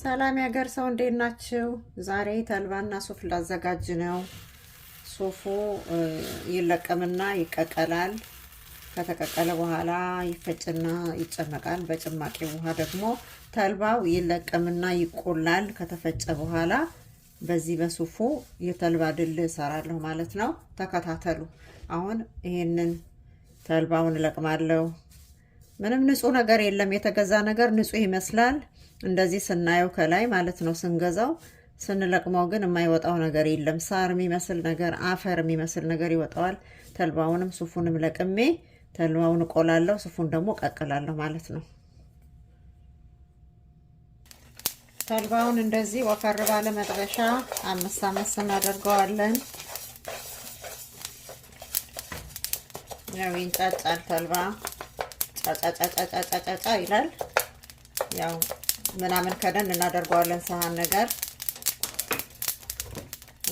ሰላም ያገር ሰው እንዴት ናችሁ? ዛሬ ተልባና ሱፍ ላዘጋጅ ነው። ሱፉ ይለቀምና ይቀቀላል። ከተቀቀለ በኋላ ይፈጭና ይጨመቃል። በጭማቂ ውሃ ደግሞ ተልባው ይለቀምና ይቆላል። ከተፈጨ በኋላ በዚህ በሱፉ የተልባ ድል እሰራለሁ ማለት ነው። ተከታተሉ። አሁን ይሄንን ተልባውን እለቅማለሁ። ምንም ንጹህ ነገር የለም። የተገዛ ነገር ንጹህ ይመስላል። እንደዚህ ስናየው ከላይ ማለት ነው ስንገዛው ስንለቅመው ግን የማይወጣው ነገር የለም። ሳር የሚመስል ነገር፣ አፈር የሚመስል ነገር ይወጣዋል። ተልባውንም ሱፉንም ለቅሜ ተልባውን እቆላለሁ፣ ሱፉን ደግሞ ቀቅላለሁ ማለት ነው። ተልባውን እንደዚህ ወፈር ባለ መጥበሻ አምስት አምስት እናደርገዋለን። ያው ይንጫጫል ተልባ ጫጫጫጫጫጫጫ ይላል ያው ምናምን ከደን እናደርገዋለን። ሰሃን ነገር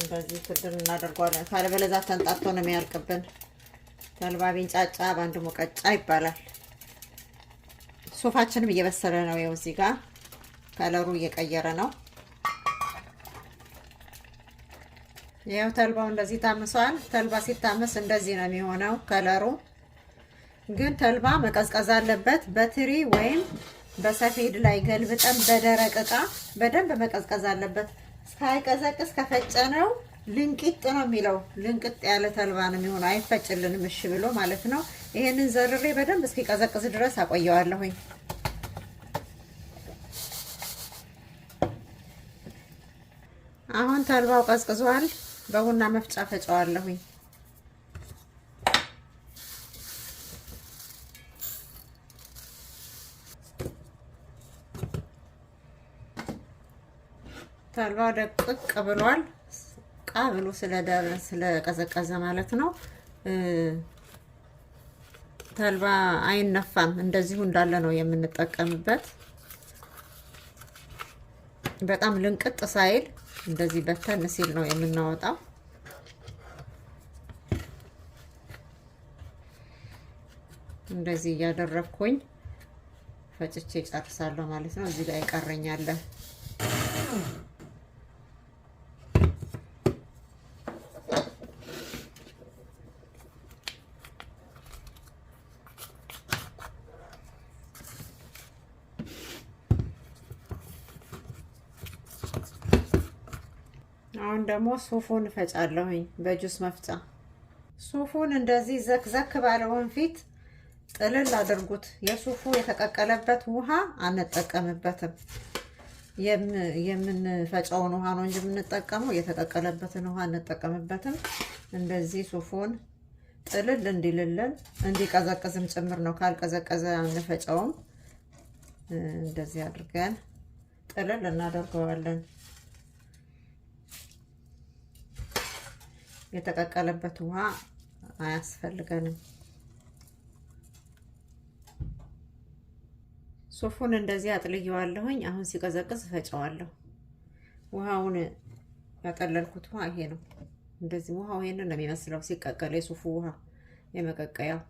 እንደዚህ ክድን እናደርገዋለን። ካለበለዛ ተንጣቶ ነው የሚያልቅብን። ተልባ ቢንጫጫ በአንድ ሙቀጫ ይባላል። ሱፋችንም እየበሰለ ነው። ይኸው እዚህ ጋር ከለሩ እየቀየረ ነው። ይኸው ተልባው እንደዚህ ታምሷል። ተልባ ሲታመስ እንደዚህ ነው የሚሆነው ከለሩ። ግን ተልባ መቀዝቀዝ አለበት በትሪ ወይም በሰፌድ ላይ ገልብጠን በደረቅ እቃ በደንብ መቀዝቀዝ አለበት። ሳይቀዘቅዝ ከፈጨነው ልንቅጥ ነው የሚለው። ልንቅጥ ያለ ተልባ ነው የሚሆነው። አይፈጭልንም፣ እሺ ብሎ ማለት ነው። ይሄንን ዘርሬ በደንብ እስኪቀዘቅዝ ድረስ አቆየዋለሁኝ። አሁን ተልባው ቀዝቅዟል። በቡና መፍጫ ፈጨዋለሁኝ። ተልባ ደቅቅ ብሏል። ቃ ብሎ ስለቀዘቀዘ ማለት ነው። ተልባ አይነፋም። እንደዚሁ እንዳለ ነው የምንጠቀምበት። በጣም ልንቅጥ ሳይል እንደዚህ በተን ሲል ነው የምናወጣው። እንደዚህ እያደረግኩኝ ፈጭቼ ጨርሳለሁ ማለት ነው። እዚህ ላይ ይቀረኛል። አሁን ደግሞ ሱፉን እፈጫለሁኝ በጁስ መፍጫ። ሱፉን እንደዚህ ዘክዘክ ባለውን ፊት ጥልል አድርጉት። የሱፉ የተቀቀለበት ውሃ አንጠቀምበትም። የምንፈጫውን ውሃ ነው እንጂ የምንጠቀመው የተቀቀለበትን ውሃ አንጠቀምበትም። እንደዚህ ሱፉን ጥልል እንዲልልን እንዲቀዘቅዝም ጭምር ነው። ካልቀዘቀዘ አንፈጫውም። እንደዚህ አድርገን ጥልል እናደርገዋለን። የተቀቀለበት ውሃ አያስፈልገንም። ሱፉን እንደዚህ አጥልየዋለሁኝ። አሁን ሲቀዘቅዝ ፈጨዋለሁ። ውሃውን ያጠለልኩት ውሃ ይሄ ነው። እንደዚህ ውሃው ይሄንን ነው የሚመስለው ሲቀቀል፣ የሱፉ ውሃ የመቀቀያው።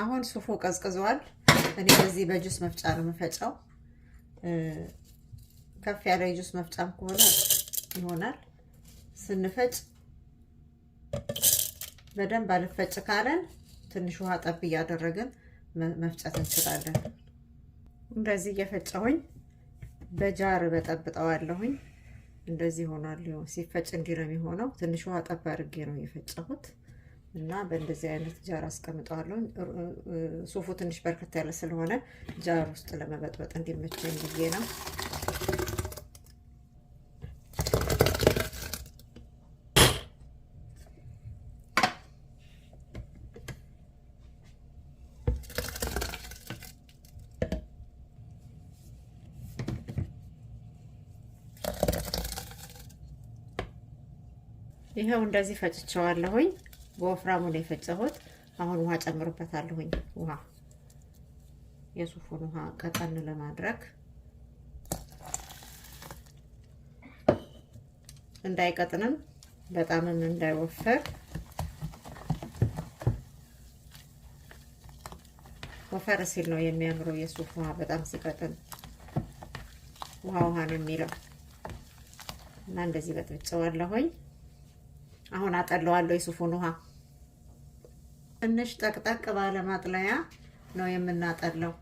አሁን ሱፉ ቀዝቅዟል። እኔ በዚህ በጁስ መፍጫ ነው የምፈጨው። ከፍ ያለ ጁስ መፍጫም ከሆነ ይሆናል። ስንፈጭ በደንብ አልፈጭ ካለን ትንሽ ውሃ ጠብ እያደረግን መፍጨት እንችላለን። እንደዚህ እየፈጨሁኝ በጃር በጠብጠዋለሁኝ። እንደዚህ ሆኗል። ሲፈጭ እንዲህ ነው የሚሆነው። ትንሽ ውሃ ጠብ አድርጌ ነው የፈጨሁት እና በእንደዚህ አይነት ጃር አስቀምጠዋለሁ። ሱፉ ትንሽ በርከት ያለ ስለሆነ ጃር ውስጥ ለመበጥበጥ እንዲመቸኝ ብዬ ነው። ይኸው እንደዚህ ፈጭቸዋለሁኝ። በወፍራሙ ላይ የፈጨሁት አሁን ውሃ ጨምርበታለሁኝ። ውሃ የሱፉን ውሃ ቀጠን ለማድረግ እንዳይቀጥንም በጣምም እንዳይወፈር ወፈር ሲል ነው የሚያምረው የሱፍ ውሃ። በጣም ሲቀጥን ውሃ ውሃ ነው የሚለው እና እንደዚህ በጥብጨዋለሁኝ። አሁን አጠለዋለሁ የሱፉን ውሃ ትንሽ ጠቅጠቅ ባለ ማጥለያ ነው የምናጠለው።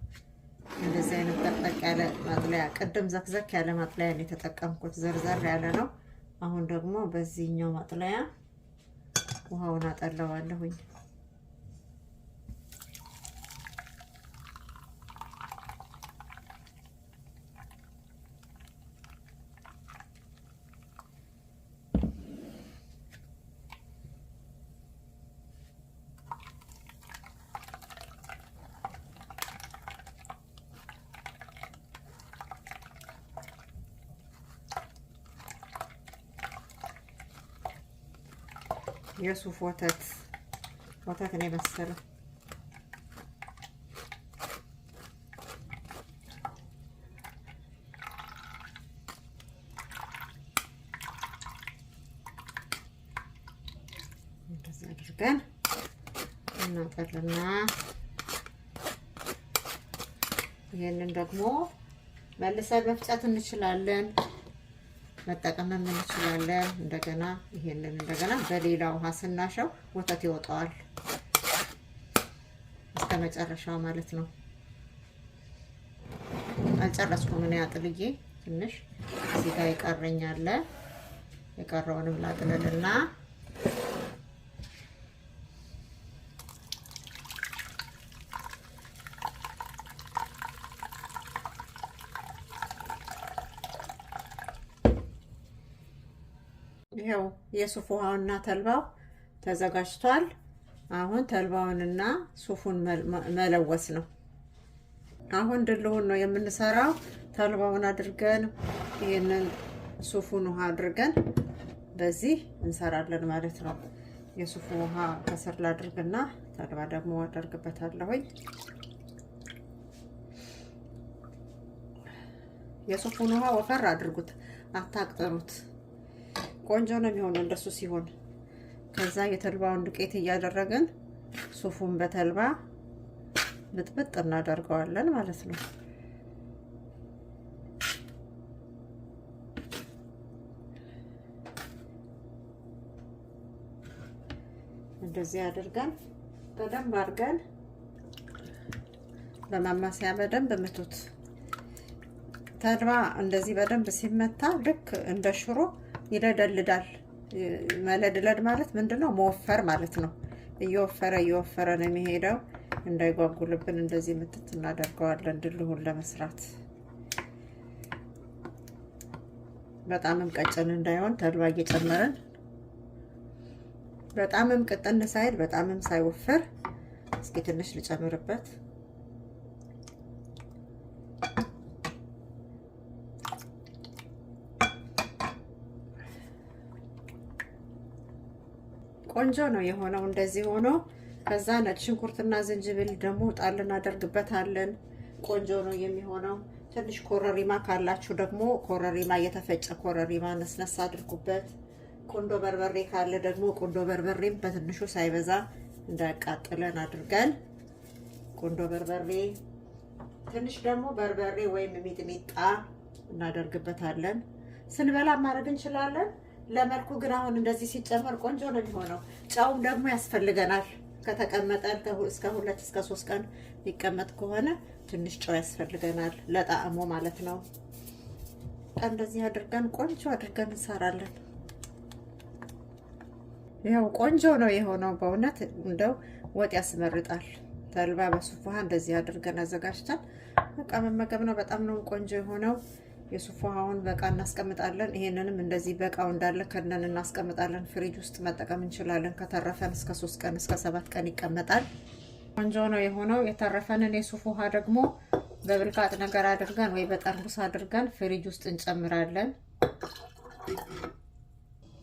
እንደዚህ አይነት ጠቅጠቅ ያለ ማጥለያ፣ ቅድም ዘክዘክ ያለ ማጥለያ ነው የተጠቀምኩት፣ ዘርዘር ያለ ነው። አሁን ደግሞ በዚህኛው ማጥለያ ውሃውን አጠለዋለሁኝ። የሱፍ ወተት ወተት ነው የመሰለ እንደዚህ አድርገን እናጠልና ይህንን ደግሞ መልሰን መፍጨት እንችላለን። መጠቀም እንችላለን። እንደገና ይሄንን እንደገና በሌላ ውሃ ስናሸው ወተት ይወጣዋል እስከ መጨረሻው ማለት ነው። አልጨረስኩም እኔ አጥልዬ ትንሽ እዚህ ጋር ይቀረኛል። የቀረውንም ላጥልልና የሱፍ ውሃውና ተልባው ተዘጋጅቷል። አሁን ተልባውንና ሱፉን መለወስ ነው። አሁን ድልሁን ነው የምንሰራው። ተልባውን አድርገን ይህንን ሱፉን ውሃ አድርገን በዚህ እንሰራለን ማለት ነው። የሱፉ ውሃ ከስር ላድርግና ተልባ ደግሞ አደርግበታለሁኝ። የሱፉን ውሃ ወፈር አድርጉት፣ አታቅጥኑት። ቆንጆ ነው የሚሆነው እንደሱ ሲሆን፣ ከዛ የተልባውን ዱቄት እያደረግን ሱፉን በተልባ ብጥብጥ እናደርገዋለን ማለት ነው። እንደዚህ አድርገን በደንብ አድርገን በማማሰያ በደንብ ምቱት። ተልባ እንደዚህ በደንብ ሲመታ ልክ እንደ ሽሮ ይለደልዳል። መለድለድ ማለት ምንድን ነው? መወፈር ማለት ነው። እየወፈረ እየወፈረ ነው የሚሄደው። እንዳይጓጉልብን እንደዚህ ምትት እናደርገዋለን ድልሁን ለመስራት በጣምም ቀጭን እንዳይሆን ተልባ እየጨመረን በጣምም ቅጥን ሳይል በጣምም ሳይወፍር እስኪ ትንሽ ልጨምርበት። ቆንጆ ነው የሆነው እንደዚህ ሆኖ። ከዛ ነጭ ሽንኩርትና ዝንጅብል ደግሞ ጣል እናደርግበታለን። ቆንጆ ነው የሚሆነው። ትንሽ ኮረሪማ ካላችሁ ደግሞ ኮረሪማ፣ የተፈጨ ኮረሪማ ነስነሳ አድርጉበት። ቁንዶ በርበሬ ካለ ደግሞ ቁንዶ በርበሬም በትንሹ ሳይበዛ እንዳያቃጥለን አድርገን ቁንዶ በርበሬ፣ ትንሽ ደግሞ በርበሬ ወይም ሚጥሚጣ እናደርግበታለን። ስንበላ ማድረግ እንችላለን። ለመልኩ ግን አሁን እንደዚህ ሲጨመር ቆንጆ ነው የሚሆነው። ጨውም ደግሞ ያስፈልገናል። ከተቀመጠ እስከ ሁለት እስከ ሶስት ቀን የሚቀመጥ ከሆነ ትንሽ ጨው ያስፈልገናል ለጣዕሙ ማለት ነው። እንደዚህ አድርገን ቆንጆ አድርገን እንሰራለን። ያው ቆንጆ ነው የሆነው በእውነት እንደው ወጥ ያስመርጣል። ተልባ በሱፍ ውሃ እንደዚህ አድርገን አዘጋጅተን በቃ መመገብ ነው። በጣም ነው ቆንጆ የሆነው። የሱፍ ውሃውን በቃ እናስቀምጣለን። ይሄንንም እንደዚህ በቃ እንዳለ ከነን እናስቀምጣለን። ፍሪጅ ውስጥ መጠቀም እንችላለን። ከተረፈን እስከ ሶስት ቀን እስከ ሰባት ቀን ይቀመጣል። ቆንጆ ነው የሆነው። የተረፈንን የሱፍ ውሃ ደግሞ በብልቃጥ ነገር አድርገን ወይ በጠርሙስ አድርገን ፍሪጅ ውስጥ እንጨምራለን።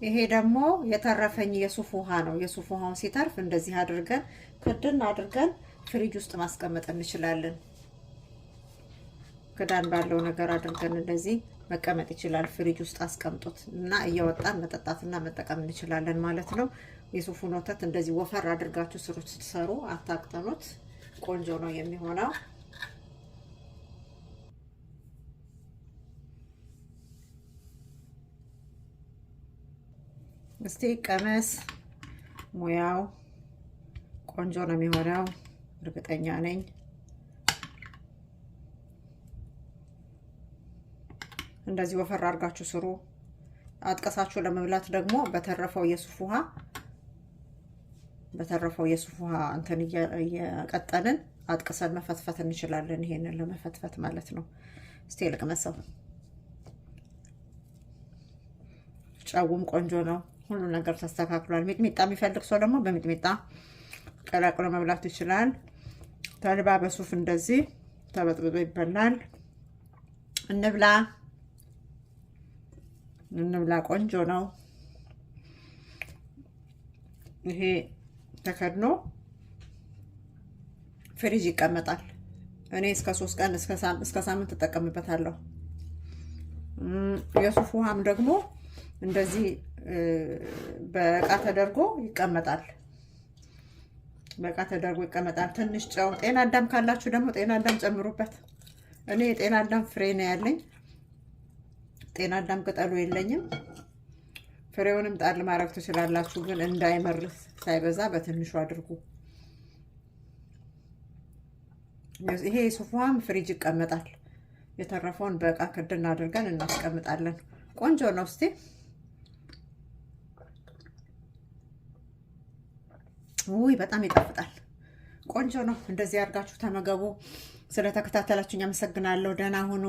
ይሄ ደግሞ የተረፈኝ የሱፍ ውሃ ነው። የሱፍ ውሃውን ሲተርፍ እንደዚህ አድርገን ክድን አድርገን ፍሪጅ ውስጥ ማስቀመጥ እንችላለን። ክዳን ባለው ነገር አድርገን እንደዚህ መቀመጥ ይችላል። ፍሪጅ ውስጥ አስቀምጦት እና እያወጣን መጠጣትና መጠቀም እንችላለን ማለት ነው። የሱፉን ወተት እንደዚህ ወፈር አድርጋችሁ ስሩት። ስትሰሩ አታቅጥኑት። ቆንጆ ነው የሚሆነው። እስቲ ቀመስ ሙያው ቆንጆ ነው የሚሆነው፣ እርግጠኛ ነኝ። እንደዚህ ወፈር አድርጋችሁ ስሩ። አጥቀሳችሁ ለመብላት ደግሞ በተረፈው የሱፍ ውሃ በተረፈው የሱፍ ውሃ እንትን እየቀጠልን አጥቅሰን መፈትፈት እንችላለን። ይሄንን ለመፈትፈት ማለት ነው። እስቲ ልቅመሰው። ጨውም ቆንጆ ነው። ሁሉ ነገር ተስተካክሏል። ሚጥሚጣ የሚፈልግ ሰው ደግሞ በሚጥሚጣ ቀላቅሎ መብላት ይችላል። ተልባ በሱፍ እንደዚህ ተበጥብጦ ይበላል። እንብላ። እንብላ። ቆንጆ ነው ይሄ። ተከድኖ ፍሪጅ ይቀመጣል። እኔ እስከ ሶስት ቀን እስከ ሳምንት እጠቀምበታለሁ። የሱፍ ውሃም ደግሞ እንደዚህ በእቃ ተደርጎ ይቀመጣል። በቃ ተደርጎ ይቀመጣል። ትንሽ ጨው፣ ጤና አዳም ካላችሁ ደግሞ ጤና አዳም ጨምሩበት። እኔ የጤና አዳም ፍሬ ነው ያለኝ። ጤና አዳም ቅጠሉ የለኝም። ፍሬውንም ጣል ማድረግ ትችላላችሁ፣ ግን እንዳይመርስ ሳይበዛ በትንሹ አድርጉ። ይሄ የሱፍሃም ፍሪጅ ይቀመጣል። የተረፈውን በእቃ ክድ አድርገን እናስቀምጣለን። ቆንጆ ነው። እስቲ ውይ በጣም ይጣፍጣል። ቆንጆ ነው። እንደዚህ አድርጋችሁ ተመገቡ። ስለተከታተላችሁኝ አመሰግናለሁ። ደህና ሁኑ።